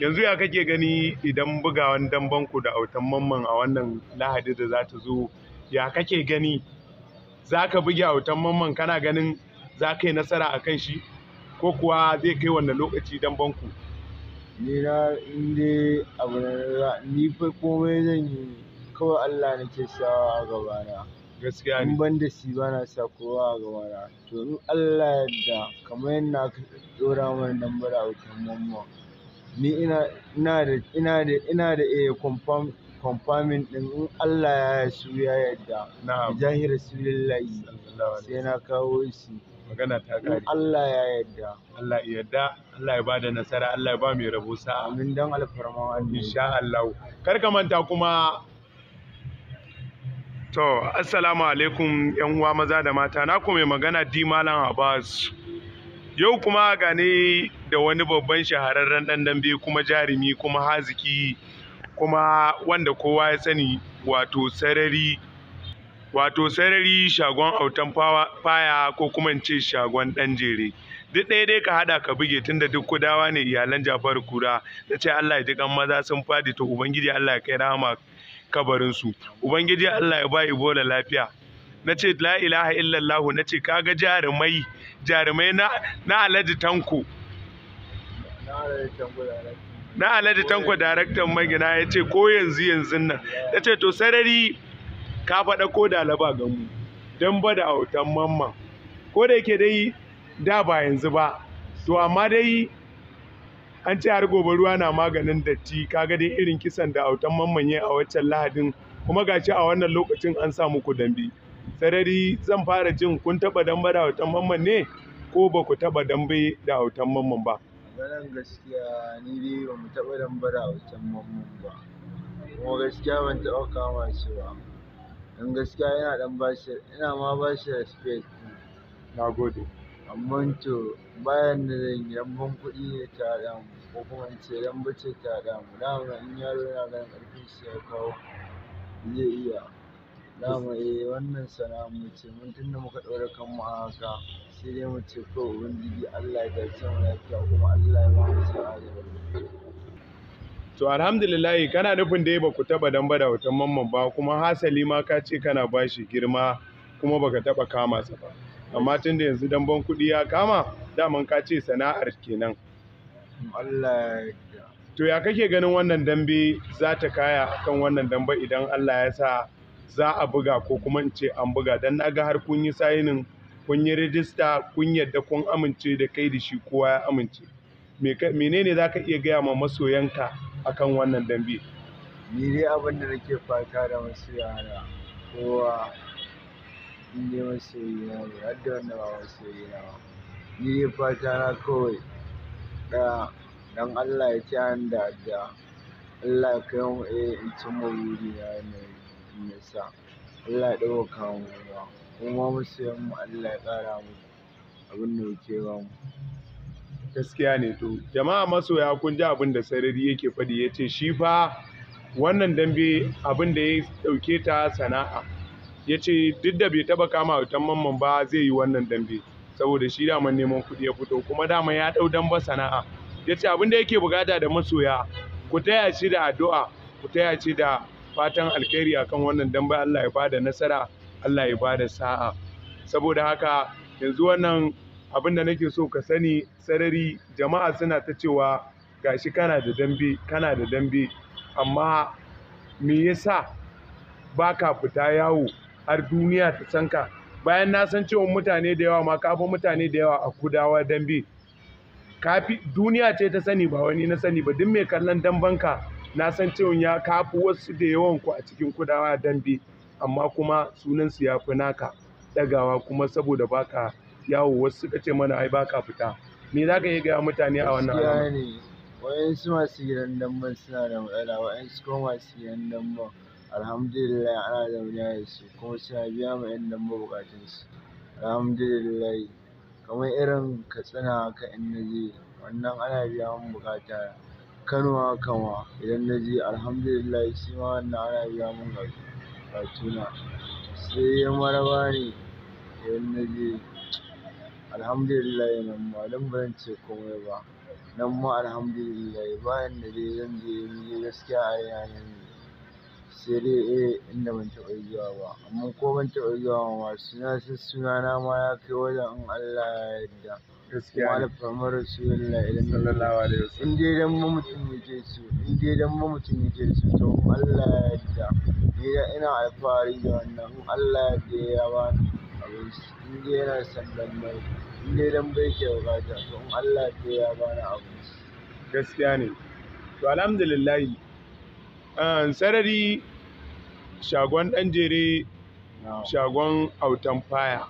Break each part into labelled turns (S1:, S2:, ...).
S1: yanzu ya kake gani idan bugawan damben ku da autan mamman a wannan lahadi da za ta zo ya kake gani za ka buge autan mamman kana ganin za ka yi nasara a kan shi ko kuwa zai kai wannan lokaci damben ku
S2: ni na inda abu na ni fa komai zan yi kawai Allah na nake sa a gabana gaskiya ne ban da shi ba na sa kowa a gabana to in Allah ya yarda kamar yadda aka dora mana a autan mamman ni ina, da, ina da, ina da eh confirm, confirming ɗin in Allah ya su ya yarda. Na'am. Bijahi Rasulillahi. Sai na kawo shi. Magana ta kare. Allah ya yarda.
S1: Allah ya yarda. Allah ya bada nasara. Allah ya ba mai rabo sa'a. Amin dan alfarma Insha Allah. Kar ka manta kuma To, assalamu alaikum ‘yan uwa maza da mata, na ku mai magana Di Malam Abbas. Yau kuma ga ni da wani babban shahararren ɗan dambe kuma jarumi kuma haziki kuma wanda kowa ya sani wato sarari wato sarari shagon autan faya ko kuma ce shagon ɗan jere duk ɗaya dai ka haɗa ka buge tunda duk kudawa ne iyalan Jafaru Kura da ce Allah ya ji kan maza sun fadi to ubangiji Allah ya kai rahama kabarin su ubangiji Allah ya ba Ibola lafiya na ce la ilaha illallah na ce kaga jarumai jarumai na na Alhaji Tanko na alhaji tanko daraktan magina ya ce ko yanzu yanzu nan ya ce to sarari ka faɗa ko da laba ga mu don ba da autan mamma ko da yake dai da ba yanzu ba to amma dai an ce har gobe ruwa na maganin datti kaga dai irin kisan da autan mamman ya a waccan lahadin kuma gashi a wannan lokacin an sa muku dambe sarari zan fara jin kun taɓa damba da autan mamman ne ko ba ku taɓa dambe da autan mamman ba
S2: Maganan gaskiya ni dai ba mu taɓa dambara a wajen mamman ba, kuma gaskiya ban taɓa kama shi ba. Don gaskiya ina ɗan shi ina ma bashi respect. Na gode. Amman to bayan da yi damben kuɗi ne ta haɗa ko kuma in ce dambe ta haɗa mu. in yaro yana ganin ƙarfin shi ya kawo zai iya.
S1: Dama eh
S2: wannan sana'ar mu ce, mun tunda muka ɗaura kanmu a haka sai dai mu ce kawai Ubangiji Allah ya tashe mu lafiya kuma Allah ya bamu sa'a da alheri.
S1: To alhamdulillahi kana nufin dai ba ku taɓa damba da hoton mamman ba kuma hasali ma ka ce kana ba shi girma kuma baka taɓa kama sa ba. Amma tunda yanzu damban kuɗi ya kama daman ka ce sana'ar kenan.
S2: Allah ya
S1: To ya kake ganin wannan dambe za ta kaya akan wannan damba idan Allah ya sa za a buga ko kuma in ce an buga don na ga har kun yi sayinin kun yi rijista kun yadda kun amince da kai da shi kowa ya amince menene za ka iya gaya ma masoyanka kan wannan dambe
S2: ni dai abin da nake fata da masu yara kowa in dai masu yana ne har da wanda ba masu ba ni dai fata na kawai ɗaya don allah ya ci da da allah ya kai mu eh in ci mu na yanayi mafi yasa Allah ya ɗaukaka mu ruwa, kuma masoyan mu Allah ya ƙara mu abin da yake ba mu
S1: gaskiya ne to jama'a masoya kun ji abin da sarari yake faɗi ya ce shi fa wannan dambe abin da ya ɗauke ta sana'a ya ce duk da bai taɓa kama wutan mamman ba zai yi wannan dambe saboda shi daman neman kuɗi ya fito kuma dama ya ɗau damba sana'a ya ce abin da yake bukata da masoya ku taya shi da addu'a ku taya shi da fatan alkhairi akan wannan dambe Allah ya bada nasara Allah ya bada sa'a saboda haka yanzu wannan abin da nake so ka sani sarari jama'a suna ta cewa gashi kana da dambe kana da dambe amma me yasa baka fita yawo har duniya ta san ka bayan na san cewa mutane da yawa ma kafa mutane da yawa a kudawa dambe kafi duniya ce ta sani ba wani na sani ba duk mai kallon dambanka na san cewa ya kafu wasu da yawan ku a cikin kudawa dambe amma kuma sunansu ya fi naka dagawa kuma saboda baka yawo wasu suka ce mana ai baka fita me za ka iya gaya mutane a wannan alama
S2: ne su masu dan man suna da matsala su kuma masu dan damban alhamdulillah ana wani da su kuma suna biya ma 'yan bukatun bukatunsu alhamdulillah kamar irin katsina haka in na wannan ana biya mu bukata Kano haka ma idan na je Alhamdulillah shi ma wannan ana biya mun buƙatuna. Sai ya Maraba ne idan na je alhamdulillahi nan ma don ba zan ce komai ba. Nan ma alhamdulillahi. bayan da dai zan je ni gaskiya a raina na yi. sai dai irin eh, inda ban taɓa ba amma ko ban taɓa zuwa ba ma suna sunana ma ya kai wajen in Allah ya yarda gaskiya ne Rasulullah sallallahu alaihi wasallam in dai dan mutum yake so in dai dan mutum yake so to Allah ya yarda ni da ina alfahari da wannan in Allah ya yarda ya abin in dai yana son dan in dai dan bai ke bukata to in Allah ya yarda ya abin gaskiya
S1: ne to alhamdulillah ah, sarari shagon jere shagon autan faya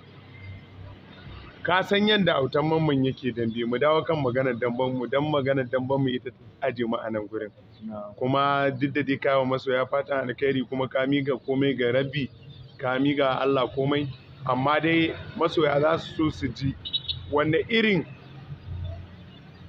S1: ka san yadda autan mamman yake dambe mu dawo kan maganar damban mu dan maganar damban mu ita aje mu a nan gurin kuma duk da dai maso ya fata alkhairi kuma ka miga komai ga rabbi ka miga Allah komai amma dai masoya za su so su ji wanne irin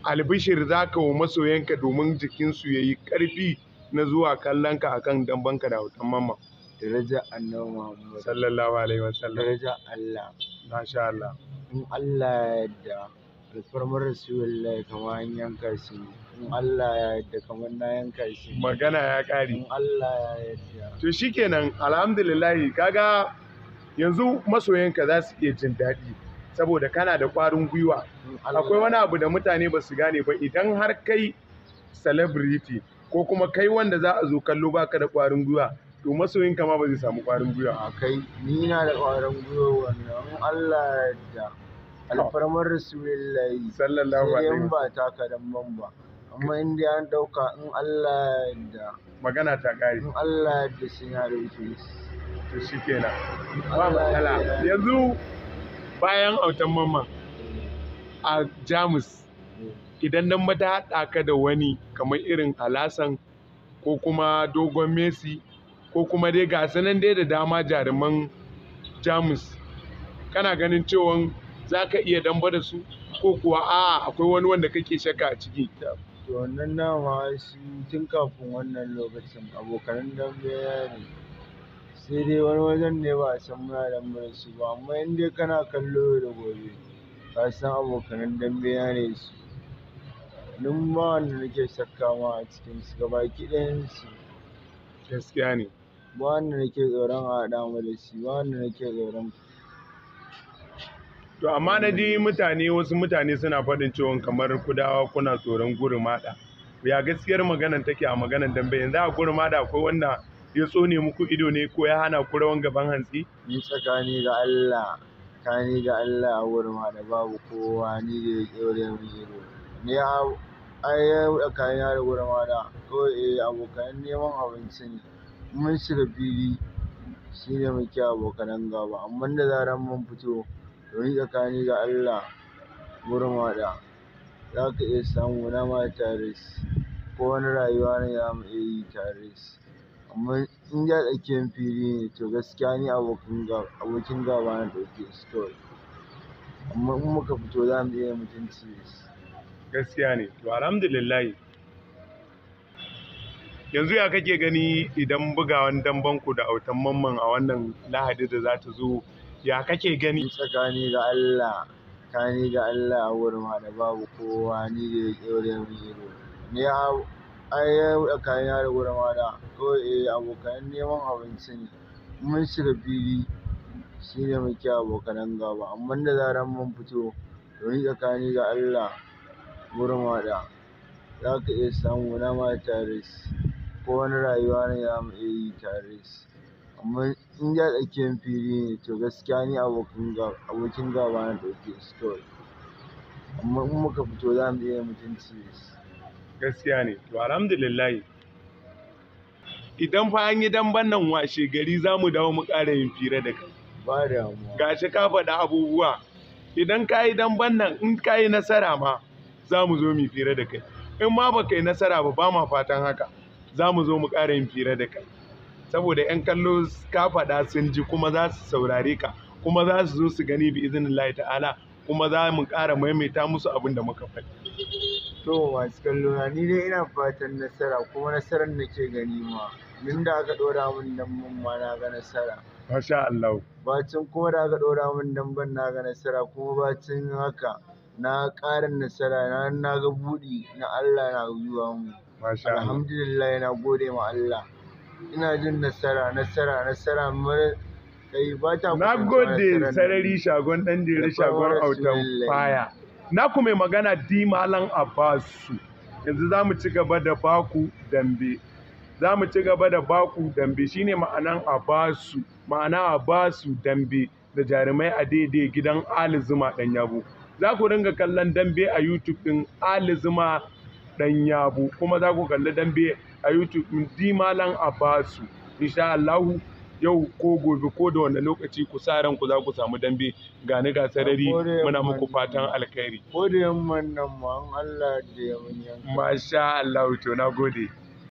S1: albishir za ka wa masoyanka domin jikinsu ya yi ƙarfi na zuwa kallon ka akan damben ka da hoton mamman
S2: daraja annabi Muhammad sallallahu alaihi wasallam daraja Allah masha Allah in Allah ya yarda alfarmar rasulullah kamar an yanka shi in Allah ya yarda kamar na yanka shi magana ya kare in Allah ya yarda to shikenan
S1: alhamdulillah kaga yanzu masoyanka za su iya jin daɗi saboda kana da ƙwarin gwiwa akwai wani abu da mutane ba su gane ba idan har kai celebrity ko kuma kai wanda za a zo kallo baka da ƙwarin gwiwa to masoyin kama ba zai samu ƙwarin gwiwa a kai ni na da ƙwarin
S2: gwiwa wannan Allah da alfarmar rasulullahi sallallahu alaihi wasallam ba ta kadan man ba amma in dai an dauka in Allah da magana ta kare in Allah da sinari to shikenan ba matsala yanzu bayan
S1: autan mamman a Jamus idan dan mata haɗa ka da wani kamar irin alasan ko kuma dogon messi ko kuma dai ga sanan dai da dama jaruman jamus kana ganin cewa za ka iya damba da su ko kuwa a akwai wani wanda kake shaka a ciki to
S2: wannan nama shi tun kafin wannan lokacin abokan dambe ne sai dai wani wajen ne ba a san muna damba da su ba amma in dai kana kallo da gobe ka san abokan dambe ne su duk ba wanda nake shakkawa a cikinsu gabaki ɗayansu gaskiya ne ba wanda nake tsoron a haɗa mu da shi ba wanda nake tsoron to
S1: amma na ji mutane wasu mutane suna faɗin cewa kamar kudawa kuna tsoron gurmaɗa ya gaskiyar maganar take a maganar dambe yanzu a gurmaɗa akwai wanda ya tsone muku ido ne
S2: ko ya hana ku rawan gaban hantsi ni tsakani ga Allah tsakani ga Allah a gurmaɗa babu kowa ni da ya tsore min ido ni Ai ya buɗe kayana da gwarmana. Kawai eh abokanan neman abinci ne. Mun shiga fili ne muke abokanan gaba amma da zarar mun fito, to tsakani ga Allah da za ka iya samu na ma tare shi. Ko wani rayuwa ne za mu iya yi tare shi. Amma in dai a tsakiyar fili ne to gaskiya ni abokin gaba, abokin gaba na ɗauke shi kawai. Amma in muka fito za mu iya yin mutunci da shi.
S1: gaskiya ne to alhamdulillah yanzu ya kake gani idan bugawan damban ku da
S2: autan mamman a wannan lahadi da za ta zo ya kake gani tsakani ga Allah tsakani ga Allah a wurin da babu kowa ni da ya kyaure mu zero ne ai ya buɗe kayan da wurin da ko eh abokan neman abinci ne mun shiga fili shine muke abokanan gaba amma da zaran mun fito to ni tsakani ga Allah gurin waɗa. Za ka iya samu nama ma tares ko wani rayuwa ne za mu iya yi tares. Amma in ya a tsakiyar fili ne to gaskiya ni abokin gaba abokin gaba na ɗauke shi kawai. Amma in muka fito za mu iya mutunci
S1: Gaskiya ne. To alhamdulillah. Idan fa an yi damben nan washe gari za mu dawo mu ƙara yin fira da kai.
S2: Ba damuwa.
S1: Ga shi ka faɗi abubuwa. Idan ka yi damben nan in ka yi nasara ma za mu zo mu fira da kai in ma baka yi nasara ba ba ma fatan haka za mu zo mu ƙara yin fira da kai saboda 'yan kallo ka faɗa sun ji kuma za su saurare ka kuma za su zo su gani bi izinin Allah ta'ala
S2: kuma za mu ƙara maimaita musu abin da muka faɗi. To masu kallo na ni dai ina fatan nasara kuma nasarar nake gani ma min da aka ɗora min dan mun ma na ga nasara. Masha Allah. Bacin kuma da aka ɗora min dan ban na ga nasara kuma bacin haka na ƙara nasara na na ga buɗi na Allah na zuwa mu alhamdulillah na gode ma Allah ina jin nasara nasara nasara mar kai ba ta na gode sarari shagon
S1: dan dire shagon autan faya na kuma magana di malam abbasu yanzu za mu ci gaba da baku dambe za mu ci gaba da baku dambe shine ma'anan abasu ma'ana abasu dambe da jarumai a daidai gidan ali zuma dan yabo za ku ringa kallon dambe a YouTube ɗin Ali Zuma ɗan yabo kuma za ku kalli dambe a YouTube ɗin Dimalan Abbasu insha Allah yau ko gobe ko da wani lokaci ku sa ranku za ku samu dambe ga ni ga sarari muna muku fatan alkhairi
S2: ko da yamman nan Allah da yamman
S1: masha Allah to na gode